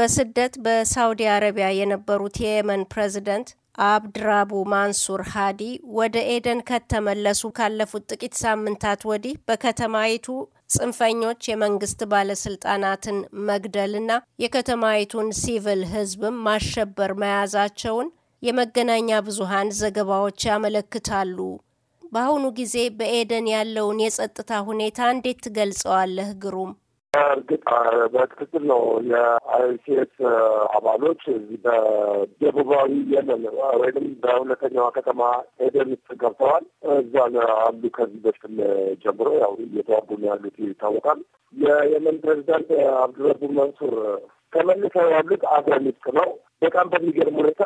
በስደት በሳውዲ አረቢያ የነበሩት የየመን ፕሬዝደንት አብድራቡ ማንሱር ሃዲ ወደ ኤደን ከተመለሱ ካለፉት ጥቂት ሳምንታት ወዲህ በከተማይቱ ጽንፈኞች የመንግስት ባለስልጣናትን መግደልና የከተማይቱን ሲቪል ህዝብም ማሸበር መያዛቸውን የመገናኛ ብዙሃን ዘገባዎች ያመለክታሉ። በአሁኑ ጊዜ በኤደን ያለውን የጸጥታ ሁኔታ እንዴት ትገልጸዋለህ ግሩም? እርግጥ በትክክል ነው። የአይሲኤስ አባሎች እዚህ በደቡባዊ የመን ወይም በሁለተኛዋ ከተማ ኤደን ውስጥ ገብተዋል። እዛ አሉ። ከዚህ በፊትም ጀምሮ ያው እየተዋጉ ነው ያሉት ይታወቃል። የየመን ፕሬዚዳንት አብዱረቡ መንሱር ተመልሰው ያሉት አገር ውስጥ ነው። በጣም በሚገርም ሁኔታ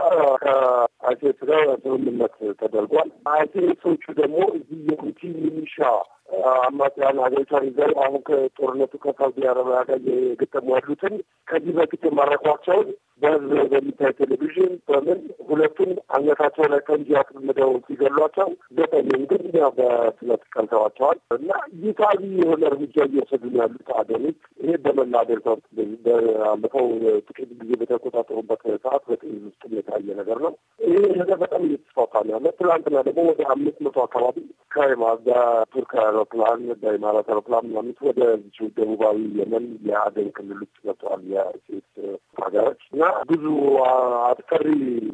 ከአይሲኤስ ጋር ስምምነት ተደርጓል። አይሲኤሶቹ ደግሞ እዚህ የሁቲ ሚሊሻ አማጽያን ሀገሪቷን ይዘው አሁን ከጦርነቱ ከሳውዲ አረቢያ ጋር የገጠሙ ያሉትን ከዚህ በፊት የማረኳቸውን በህዝብ በሚታይ ቴሌቪዥን በምን ሁለቱን አንገታቸው ላይ ፈንጂ አቅምደው ሲገሏቸው ዘጠኝም ግን ያ በስለት ቀልተዋቸዋል እና ይታዊ የሆነ እርምጃ እየወሰዱ ያሉት አገሮች ይሄ በመላ አገሪቷ ባለፈው ጥቂት ጊዜ በተቆጣጠሩበት ሰዓት በጤዝ ውስጥ የታየ ነገር ነው። ይህ ነገር በጣም እየተስፋፋ ነው ያለ። ትላንትና ደግሞ ወደ አምስት መቶ አካባቢ ከማ በቱርክ አውሮፕላን በኢማራት አውሮፕላን ምናምን ወደ ደቡባዊ የመን የአደን ክልል ውስጥ መጥተዋል የሴት ሀገሮች እና ብዙ አስፈሪ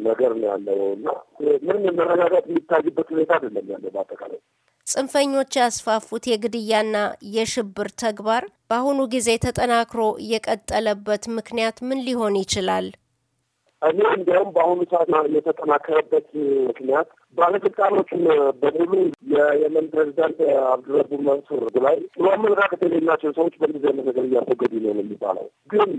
ነገር ነገር ነው ያለው እና ምንም መረጋጋት የሚታይበት ሁኔታ አይደለም ያለው። በአጠቃላይ ጽንፈኞች ያስፋፉት የግድያና የሽብር ተግባር በአሁኑ ጊዜ ተጠናክሮ የቀጠለበት ምክንያት ምን ሊሆን ይችላል? እኔ እንዲያውም በአሁኑ ሰዓት የተጠናከረበት ምክንያት ባለስልጣኖችን በሙሉ የየመን ፕሬዚዳንት አብዱረቡ መንሱር ላይ ጥሎ አመለካከት የሌላቸው ሰዎች በእንደዚህ አይነት ነገር እያስወገዱ ነው የሚባለው ግን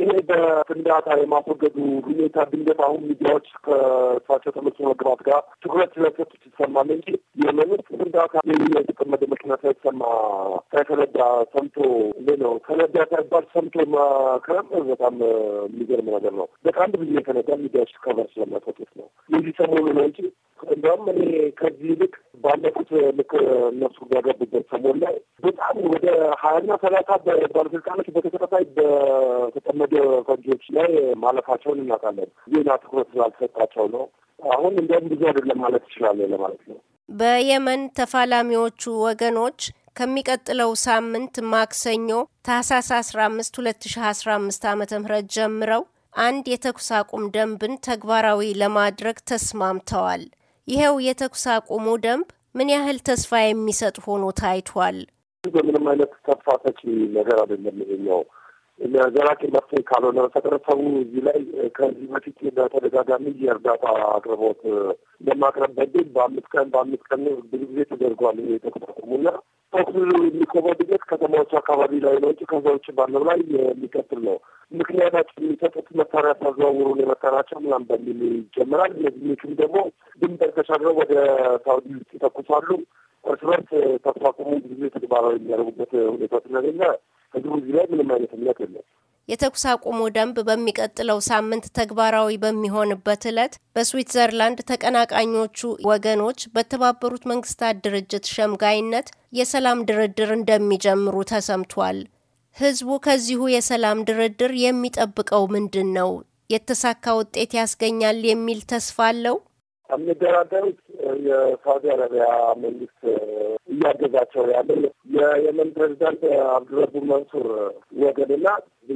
ይሄ በፍንዳታ የማስወገዱ ሁኔታ ድንገት አሁን ሚዲያዎች ከእሳቸው ተመስሎ መግባት ጋር ትኩረት ስለሰጡት ይሰማል እንጂ የመንግስት ፍንዳታ የተጠመደ መኪና ሳይሰማ ሳይፈነዳ ሰምቶ እ ነው ፈነዳ ሳይባል ሰምቶ መከረም በጣም የሚገርም ነገር ነው። በቃ አንድ ብዙ የፈነዳ ሚዲያዎች ከበር ስለሚያሰጡት ነው። የዚህ ሰሞኑ ነው እንጂ እንዲያውም እኔ ከዚህ ይልቅ ባለፉት ልክ እነሱ ጋገቡበት ሰሞን ላይ በጣም ወደ ሀያና ሰላሳ ባለስልጣኖች በተከታታይ በተጠመደ ፈንጂዎች ላይ ማለፋቸውን እናውቃለን። ዜና ትኩረት ስላልሰጣቸው ነው። አሁን እንዲያውም ብዙ አይደለም ማለት ይችላለ ለማለት ነው። በየመን ተፋላሚዎቹ ወገኖች ከሚቀጥለው ሳምንት ማክሰኞ ታህሳስ አስራ አምስት ሁለት ሺ አስራ አምስት ዓመተ ምህረት ጀምረው አንድ የተኩስ አቁም ደንብን ተግባራዊ ለማድረግ ተስማምተዋል። ይኸው የተኩስ አቁሙ ደንብ ምን ያህል ተስፋ የሚሰጥ ሆኖ ታይቷል? በምንም አይነት ተስፋ ሰጪ ነገር አይደለም። ይሄኛው ዘላቂ መፍትሄ ካልሆነ በስተቀር ሰው እዚህ ላይ ከዚህ በፊት በተደጋጋሚ የእርዳታ አቅርቦት ለማቅረብ በድል በአምስት ቀን በአምስት ቀን ብዙ ጊዜ ተደርጓል። የተቋቁሙና ተክሉ የሚኮበድበት ከተማዎች አካባቢ ላይ ነው እንጂ ከዛ ውጭ ባለው ላይ የሚቀጥል ነው። ምክንያታቸው የሚሰጡት መሳሪያ ሳዘዋውሩ ነው የመከራቸው ምናምን በሚል ይጀምራል። እነዚህ ደግሞ ድንበር ተሻግረው ወደ ሳውዲ ውስጥ ይተኩሳሉ። እርስ በርስ ተስማሙ ጊዜ ተግባራዊ የሚያደርጉበት ሁኔታ ስላገኘ ከዚህ ጊዜ ላይ ምንም አይነት እምነት የለም። የተኩስ አቁሙ ደንብ በሚቀጥለው ሳምንት ተግባራዊ በሚሆንበት ዕለት በስዊትዘርላንድ ተቀናቃኞቹ ወገኖች በተባበሩት መንግስታት ድርጅት ሸምጋይነት የሰላም ድርድር እንደሚጀምሩ ተሰምቷል። ህዝቡ ከዚሁ የሰላም ድርድር የሚጠብቀው ምንድን ነው? የተሳካ ውጤት ያስገኛል የሚል ተስፋ አለው። ከሚደራደሩት የሳውዲ አረቢያ መንግስት እያገዛቸው ያለ የየመን ፕሬዚዳንት አብዱረቡ መንሱር ወገንና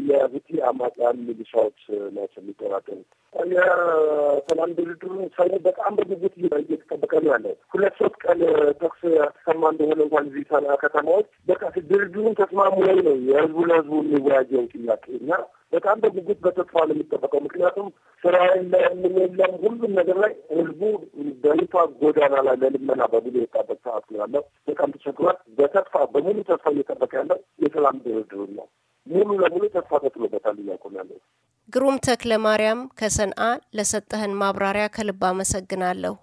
የሁቲ አማጽያን ሚሊሻዎች ናቸው የሚጠራቀሙት። የሰላም ድርድሩ ሰው በጣም በጉጉት እየተጠበቀ ነው ያለው። ሁለት ሶስት ቀን ተኩስ ያሰማ እንደሆነ እንኳን እዚህ ሰና ከተማዎች በቃ ድርድሩን ተስማሙ ላይ ነው የህዝቡ ለህዝቡ የሚወያየው ጥያቄ እና በጣም በጉጉት በተስፋ ነው የሚጠበቀው። ምክንያቱም ስራ የለም የለም ሁሉም ነገር ላይ ህዝቡ በይፋ ጎዳና ላይ ለልመና በሙሉ የወጣበት ሰዓት ነው ያለው። በጣም ተቸግሯል። በተስፋ በሙሉ ተስፋ እየጠበቀ ያለው የሰላም ድርድሩ ነው። ሙሉ ለሙሉ ተስፋ ተጥሎበታል እያቆም ያለው። ግሩም ተክለ ማርያም ከሰንአ ለሰጠህን ማብራሪያ ከልብ አመሰግናለሁ።